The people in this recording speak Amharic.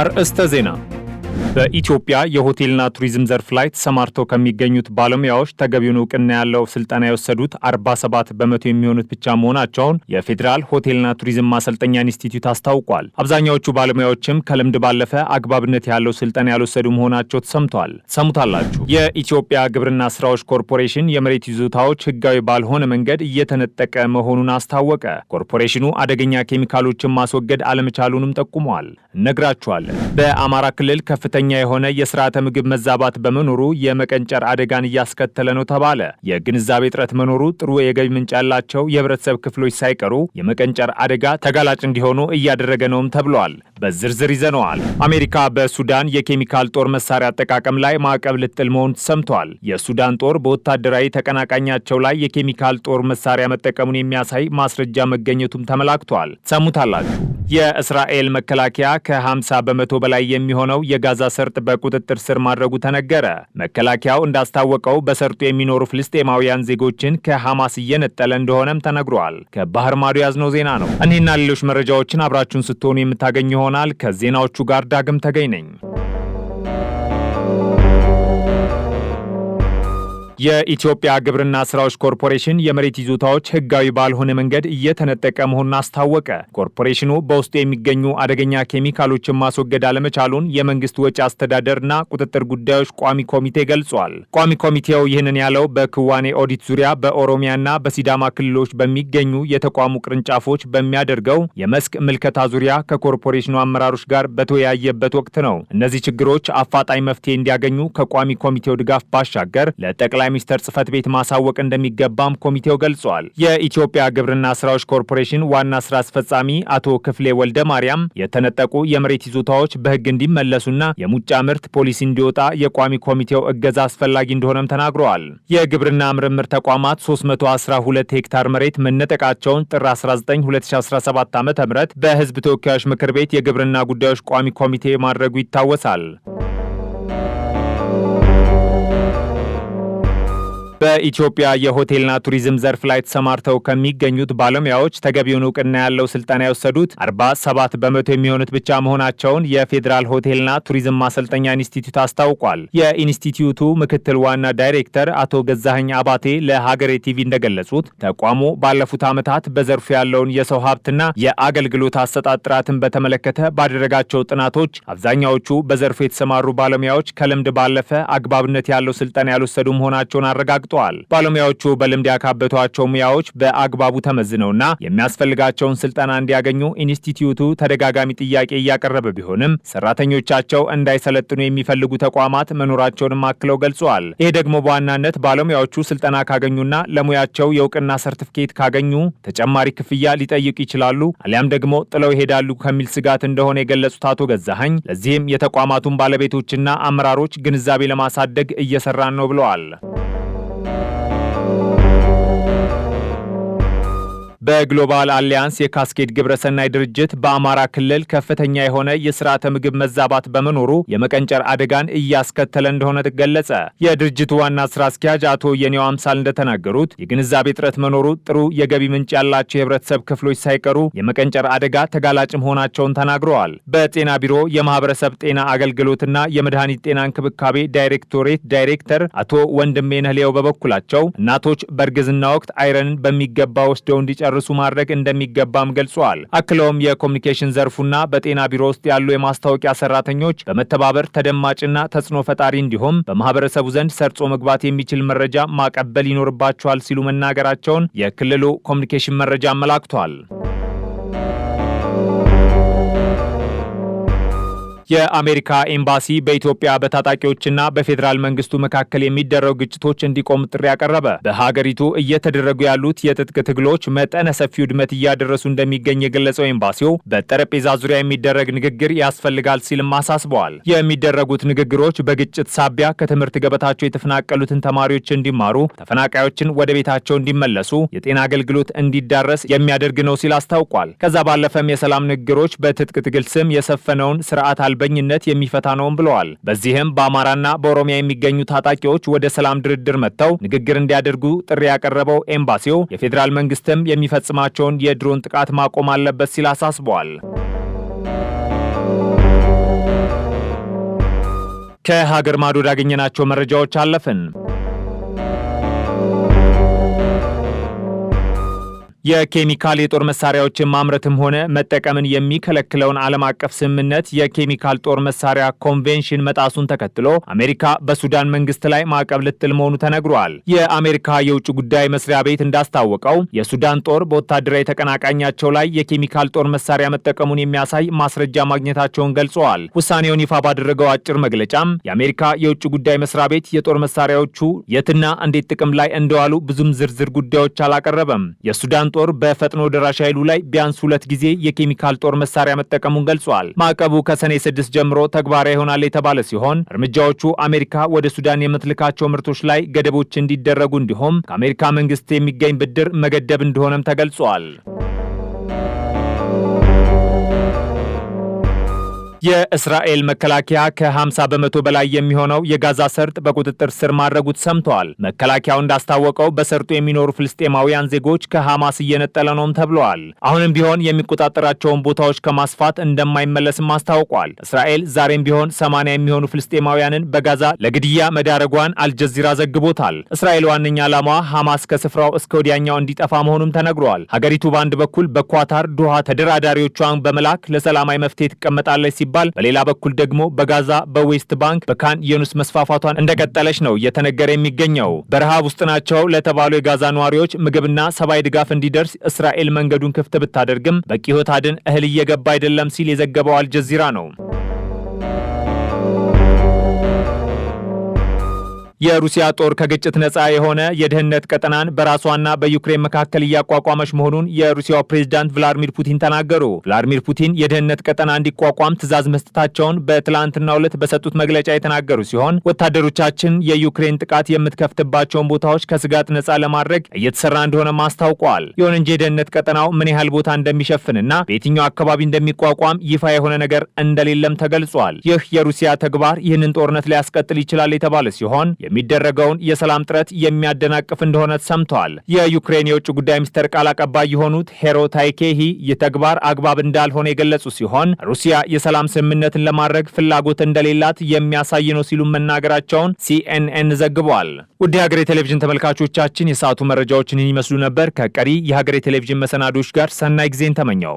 አርእስተ ዜና በኢትዮጵያ የሆቴልና ቱሪዝም ዘርፍ ላይ ተሰማርተው ከሚገኙት ባለሙያዎች ተገቢውን እውቅና ያለው ስልጠና የወሰዱት 47 በመቶ የሚሆኑት ብቻ መሆናቸውን የፌዴራል ሆቴልና ቱሪዝም ማሰልጠኛ ኢንስቲትዩት አስታውቋል። አብዛኛዎቹ ባለሙያዎችም ከልምድ ባለፈ አግባብነት ያለው ስልጠና ያልወሰዱ መሆናቸው ተሰምቷል። ሰሙታላችሁ። የኢትዮጵያ ግብርና ስራዎች ኮርፖሬሽን የመሬት ይዞታዎች ህጋዊ ባልሆነ መንገድ እየተነጠቀ መሆኑን አስታወቀ። ኮርፖሬሽኑ አደገኛ ኬሚካሎችን ማስወገድ አለመቻሉንም ጠቁመዋል። እነግራችኋለን። በአማራ ክልል ከፍ ከፍተኛ የሆነ የስርዓተ ምግብ መዛባት በመኖሩ የመቀንጨር አደጋን እያስከተለ ነው ተባለ። የግንዛቤ እጥረት መኖሩ ጥሩ የገቢ ምንጭ ያላቸው የህብረተሰብ ክፍሎች ሳይቀሩ የመቀንጨር አደጋ ተጋላጭ እንዲሆኑ እያደረገ ነውም ተብሏል። በዝርዝር ይዘነዋል። አሜሪካ በሱዳን የኬሚካል ጦር መሳሪያ አጠቃቀም ላይ ማዕቀብ ልጥል መሆኑ ሰምቷል። የሱዳን ጦር በወታደራዊ ተቀናቃኛቸው ላይ የኬሚካል ጦር መሳሪያ መጠቀሙን የሚያሳይ ማስረጃ መገኘቱም ተመላክቷል። ሰሙታላችሁ። የእስራኤል መከላከያ ከ50 በመቶ በላይ የሚሆነው የጋዛ ሰርጥ በቁጥጥር ስር ማድረጉ ተነገረ። መከላከያው እንዳስታወቀው በሰርጡ የሚኖሩ ፍልስጤማውያን ዜጎችን ከሐማስ እየነጠለ እንደሆነም ተነግሯል። ከባህር ማዶ ያዝነው ዜና ነው። እኒህና ሌሎች መረጃዎችን አብራችሁን ስትሆኑ የምታገኙ ይሆናል። ይሆናል። ከዜናዎቹ ጋር ዳግም ተገኝ ነኝ። የኢትዮጵያ ግብርና ስራዎች ኮርፖሬሽን የመሬት ይዞታዎች ህጋዊ ባልሆነ መንገድ እየተነጠቀ መሆኑን አስታወቀ። ኮርፖሬሽኑ በውስጡ የሚገኙ አደገኛ ኬሚካሎችን ማስወገድ አለመቻሉን የመንግስት ወጪ አስተዳደርና ቁጥጥር ጉዳዮች ቋሚ ኮሚቴ ገልጿል። ቋሚ ኮሚቴው ይህንን ያለው በክዋኔ ኦዲት ዙሪያ በኦሮሚያና በሲዳማ ክልሎች በሚገኙ የተቋሙ ቅርንጫፎች በሚያደርገው የመስክ ምልከታ ዙሪያ ከኮርፖሬሽኑ አመራሮች ጋር በተወያየበት ወቅት ነው። እነዚህ ችግሮች አፋጣኝ መፍትሄ እንዲያገኙ ከቋሚ ኮሚቴው ድጋፍ ባሻገር ለጠቅላይ ሚኒስቴር ጽህፈት ቤት ማሳወቅ እንደሚገባም ኮሚቴው ገልጿል። የኢትዮጵያ ግብርና ስራዎች ኮርፖሬሽን ዋና ስራ አስፈጻሚ አቶ ክፍሌ ወልደ ማርያም የተነጠቁ የመሬት ይዞታዎች በህግ እንዲመለሱና የሙጫ ምርት ፖሊሲ እንዲወጣ የቋሚ ኮሚቴው እገዛ አስፈላጊ እንደሆነም ተናግረዋል። የግብርና ምርምር ተቋማት 312 ሄክታር መሬት መነጠቃቸውን ጥር 19 2017 ዓ ም በህዝብ ተወካዮች ምክር ቤት የግብርና ጉዳዮች ቋሚ ኮሚቴ ማድረጉ ይታወሳል። በኢትዮጵያ የሆቴልና ቱሪዝም ዘርፍ ላይ ተሰማርተው ከሚገኙት ባለሙያዎች ተገቢውን እውቅና ያለው ስልጠና የወሰዱት ሰባት በመቶ የሚሆኑት ብቻ መሆናቸውን የፌዴራል ሆቴልና ቱሪዝም ማሰልጠኛ ኢንስቲትዩት አስታውቋል። የኢንስቲትዩቱ ምክትል ዋና ዳይሬክተር አቶ ገዛኸኝ አባቴ ለሀገሬ ቲቪ እንደገለጹት ተቋሙ ባለፉት ዓመታት በዘርፉ ያለውን የሰው ሀብትና የአገልግሎት አሰጣጥ ጥራትን በተመለከተ ባደረጋቸው ጥናቶች አብዛኛዎቹ በዘርፉ የተሰማሩ ባለሙያዎች ከልምድ ባለፈ አግባብነት ያለው ስልጠና ያልወሰዱ መሆናቸውን አረጋግጧል። ገልጧል። ባለሙያዎቹ በልምድ ያካበቷቸው ሙያዎች በአግባቡ ተመዝነውና የሚያስፈልጋቸውን ስልጠና እንዲያገኙ ኢንስቲትዩቱ ተደጋጋሚ ጥያቄ እያቀረበ ቢሆንም ሰራተኞቻቸው እንዳይሰለጥኑ የሚፈልጉ ተቋማት መኖራቸውንም አክለው ገልጿል። ይህ ደግሞ በዋናነት ባለሙያዎቹ ስልጠና ካገኙና ለሙያቸው የእውቅና ሰርቲፊኬት ካገኙ ተጨማሪ ክፍያ ሊጠይቅ ይችላሉ አሊያም ደግሞ ጥለው ይሄዳሉ ከሚል ስጋት እንደሆነ የገለጹት አቶ ገዛሀኝ ለዚህም የተቋማቱን ባለቤቶችና አመራሮች ግንዛቤ ለማሳደግ እየሰራን ነው ብለዋል። በግሎባል አሊያንስ የካስኬድ ግብረሰናይ ድርጅት በአማራ ክልል ከፍተኛ የሆነ የስርዓተ ምግብ መዛባት በመኖሩ የመቀንጨር አደጋን እያስከተለ እንደሆነ ገለጸ። የድርጅቱ ዋና ስራ አስኪያጅ አቶ የኔው አምሳል እንደተናገሩት የግንዛቤ እጥረት መኖሩ ጥሩ የገቢ ምንጭ ያላቸው የህብረተሰብ ክፍሎች ሳይቀሩ የመቀንጨር አደጋ ተጋላጭ መሆናቸውን ተናግረዋል። በጤና ቢሮ የማህበረሰብ ጤና አገልግሎትና የመድኃኒት ጤና እንክብካቤ ዳይሬክቶሬት ዳይሬክተር አቶ ወንድሜ ነህሌው በበኩላቸው እናቶች በእርግዝና ወቅት አይረንን በሚገባ ወስደው እንዲጨር እንዲጨርሱ ማድረግ እንደሚገባም ገልጿል። አክለውም የኮሚኒኬሽን ዘርፉና በጤና ቢሮ ውስጥ ያሉ የማስታወቂያ ሰራተኞች በመተባበር ተደማጭና ተጽዕኖ ፈጣሪ እንዲሁም በማህበረሰቡ ዘንድ ሰርጾ መግባት የሚችል መረጃ ማቀበል ይኖርባቸዋል ሲሉ መናገራቸውን የክልሉ ኮሚኒኬሽን መረጃ አመላክቷል። የአሜሪካ ኤምባሲ በኢትዮጵያ በታጣቂዎችና በፌዴራል መንግስቱ መካከል የሚደረጉ ግጭቶች እንዲቆም ጥሪ ያቀረበ። በሀገሪቱ እየተደረጉ ያሉት የትጥቅ ትግሎች መጠነ ሰፊ ውድመት እያደረሱ እንደሚገኝ የገለጸው ኤምባሲው በጠረጴዛ ዙሪያ የሚደረግ ንግግር ያስፈልጋል ሲልም አሳስበዋል። የሚደረጉት ንግግሮች በግጭት ሳቢያ ከትምህርት ገበታቸው የተፈናቀሉትን ተማሪዎች እንዲማሩ፣ ተፈናቃዮችን ወደ ቤታቸው እንዲመለሱ፣ የጤና አገልግሎት እንዲዳረስ የሚያደርግ ነው ሲል አስታውቋል። ከዛ ባለፈም የሰላም ንግግሮች በትጥቅ ትግል ስም የሰፈነውን ስርዓት አልበኝነት የሚፈታ ነውም ብለዋል። በዚህም በአማራና በኦሮሚያ የሚገኙ ታጣቂዎች ወደ ሰላም ድርድር መጥተው ንግግር እንዲያደርጉ ጥሪ ያቀረበው ኤምባሲው የፌዴራል መንግስትም የሚፈጽማቸውን የድሮን ጥቃት ማቆም አለበት ሲል አሳስበዋል። ከሀገር ማዶ ያገኘናቸው መረጃዎች አለፍን። የኬሚካል የጦር መሳሪያዎችን ማምረትም ሆነ መጠቀምን የሚከለክለውን ዓለም አቀፍ ስምምነት የኬሚካል ጦር መሳሪያ ኮንቬንሽን መጣሱን ተከትሎ አሜሪካ በሱዳን መንግስት ላይ ማዕቀብ ልትል መሆኑ ተነግሯል። የአሜሪካ የውጭ ጉዳይ መስሪያ ቤት እንዳስታወቀው የሱዳን ጦር በወታደራዊ ተቀናቃኛቸው ላይ የኬሚካል ጦር መሳሪያ መጠቀሙን የሚያሳይ ማስረጃ ማግኘታቸውን ገልጸዋል። ውሳኔውን ይፋ ባደረገው አጭር መግለጫም የአሜሪካ የውጭ ጉዳይ መስሪያ ቤት የጦር መሳሪያዎቹ የትና እንዴት ጥቅም ላይ እንደዋሉ ብዙም ዝርዝር ጉዳዮች አላቀረበም። የሱዳን ጦር በፈጥኖ ደራሽ ኃይሉ ላይ ቢያንስ ሁለት ጊዜ የኬሚካል ጦር መሳሪያ መጠቀሙን ገልጿል። ማዕቀቡ ከሰኔ ስድስት ጀምሮ ተግባራዊ ይሆናል የተባለ ሲሆን እርምጃዎቹ አሜሪካ ወደ ሱዳን የምትልካቸው ምርቶች ላይ ገደቦች እንዲደረጉ እንዲሁም ከአሜሪካ መንግስት የሚገኝ ብድር መገደብ እንደሆነም ተገልጿል። የእስራኤል መከላከያ ከ50 በመቶ በላይ የሚሆነው የጋዛ ሰርጥ በቁጥጥር ስር ማድረጉ ሰምተዋል። መከላከያው እንዳስታወቀው በሰርጡ የሚኖሩ ፍልስጤማውያን ዜጎች ከሐማስ እየነጠለ ነውም ተብለዋል። አሁንም ቢሆን የሚቆጣጠራቸውን ቦታዎች ከማስፋት እንደማይመለስም አስታውቋል። እስራኤል ዛሬም ቢሆን 80 የሚሆኑ ፍልስጤማውያንን በጋዛ ለግድያ መዳረጓን አልጀዚራ ዘግቦታል። እስራኤል ዋነኛ ዓላማዋ ሐማስ ከስፍራው እስከ ወዲያኛው እንዲጠፋ መሆኑም ተነግሯል። ሀገሪቱ በአንድ በኩል በኳታር ዱሃ ተደራዳሪዎቿን በመላክ ለሰላማዊ መፍትሄ ትቀመጣለች ሲባል ሲባል፣ በሌላ በኩል ደግሞ በጋዛ በዌስት ባንክ በካን የኑስ መስፋፋቷን እንደቀጠለች ነው እየተነገረ የሚገኘው። በረሃብ ውስጥ ናቸው ለተባሉ የጋዛ ነዋሪዎች ምግብና ሰብአዊ ድጋፍ እንዲደርስ እስራኤል መንገዱን ክፍት ብታደርግም በቂ ሕይወት አድን እህል እየገባ አይደለም ሲል የዘገበው አልጀዚራ ነው። የሩሲያ ጦር ከግጭት ነጻ የሆነ የደህንነት ቀጠናን በራሷና በዩክሬን መካከል እያቋቋመች መሆኑን የሩሲያው ፕሬዝዳንት ቭላዲሚር ፑቲን ተናገሩ። ቭላድሚር ፑቲን የደህንነት ቀጠና እንዲቋቋም ትዕዛዝ መስጠታቸውን በትላንትናው ዕለት በሰጡት መግለጫ የተናገሩ ሲሆን ወታደሮቻችን የዩክሬን ጥቃት የምትከፍትባቸውን ቦታዎች ከስጋት ነጻ ለማድረግ እየተሰራ እንደሆነም አስታውቀዋል። ይሁን እንጂ የደህንነት ቀጠናው ምን ያህል ቦታ እንደሚሸፍንና በየትኛው አካባቢ እንደሚቋቋም ይፋ የሆነ ነገር እንደሌለም ተገልጿል። ይህ የሩሲያ ተግባር ይህንን ጦርነት ሊያስቀጥል ይችላል የተባለ ሲሆን የሚደረገውን የሰላም ጥረት የሚያደናቅፍ እንደሆነ ሰምተዋል። የዩክሬን የውጭ ጉዳይ ሚኒስቴር ቃል አቀባይ የሆኑት ሄሮ ታይኬሂ ይህ ተግባር አግባብ እንዳልሆነ የገለጹ ሲሆን ሩሲያ የሰላም ስምምነትን ለማድረግ ፍላጎት እንደሌላት የሚያሳይ ነው ሲሉ መናገራቸውን ሲኤንኤን ዘግቧል። ውድ የሀገሬ ቴሌቪዥን ተመልካቾቻችን የሰዓቱ መረጃዎችን ይመስሉ ነበር። ከቀሪ የሀገሬ ቴሌቪዥን መሰናዶች ጋር ሰናይ ጊዜን ተመኘው።